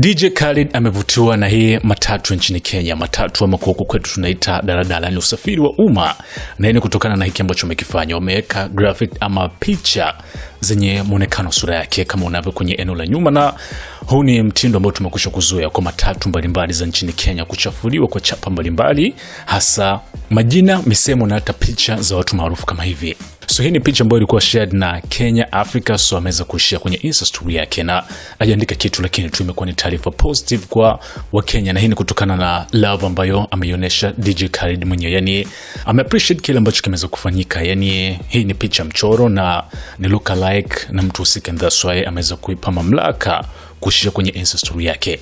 DJ Khaled amevutiwa na hii matatu nchini Kenya. Matatu ama kwa huku kwetu tunaita daladala, ni usafiri wa umma, na ni kutokana na hiki ambacho amekifanya Wameweka graphic ama picha zenye mwonekano sura yake kama unavyo kwenye eneo la nyuma, na huu ni mtindo ambao tumekusha kuzoea kwa matatu mbalimbali za nchini Kenya kuchafuliwa kwa chapa mbalimbali, hasa majina, misemo na hata picha za watu maarufu kama hivi. So hii ni picha ambayo ilikuwa shared na Kenya Africa, so ameweza kushare kwenye Insta story yake na ajaandika kitu, lakini tu imekuwa ni taarifa positive kwa Wakenya, na hii ni kutokana na love ambayo ameionyesha DJ Khaled mwenyewe, yani ame appreciate kile ambacho kimeweza kufanyika. Yani hii ni picha mchoro na ni look alike na mtu husika, that's why ameweza kuipa mamlaka kushia kwenye Insta story yake.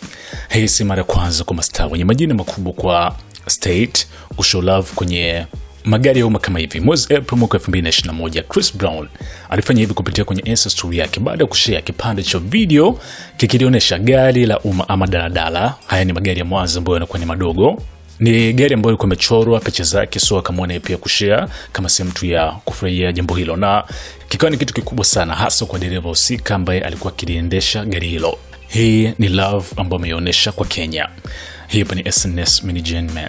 Hii si mara ya kwanza kwa mastaa wenye majina makubwa kwa state kushow love kwenye magari ya umma kama hivi. Mwezi April eh, mwaka 2021, Chris Brown alifanya hivi kupitia kwenye Insta story yake baada ya kushare kipande cha video kikilionyesha gari la umma ama daladala. Haya ni magari ya mwanzo ambayo yanakuwa ni madogo ni gari ambayo ilikuwa imechorwa picha zake, so akamwona pia kushare kama sehemu tu ya kufurahia jambo hilo, na kikawa ni kitu kikubwa sana, hasa kwa dereva husika ambaye alikuwa akiliendesha gari hilo. Hii ni love ambayo ameionyesha kwa Kenya. Hii hapa ni SNS Mini gentleman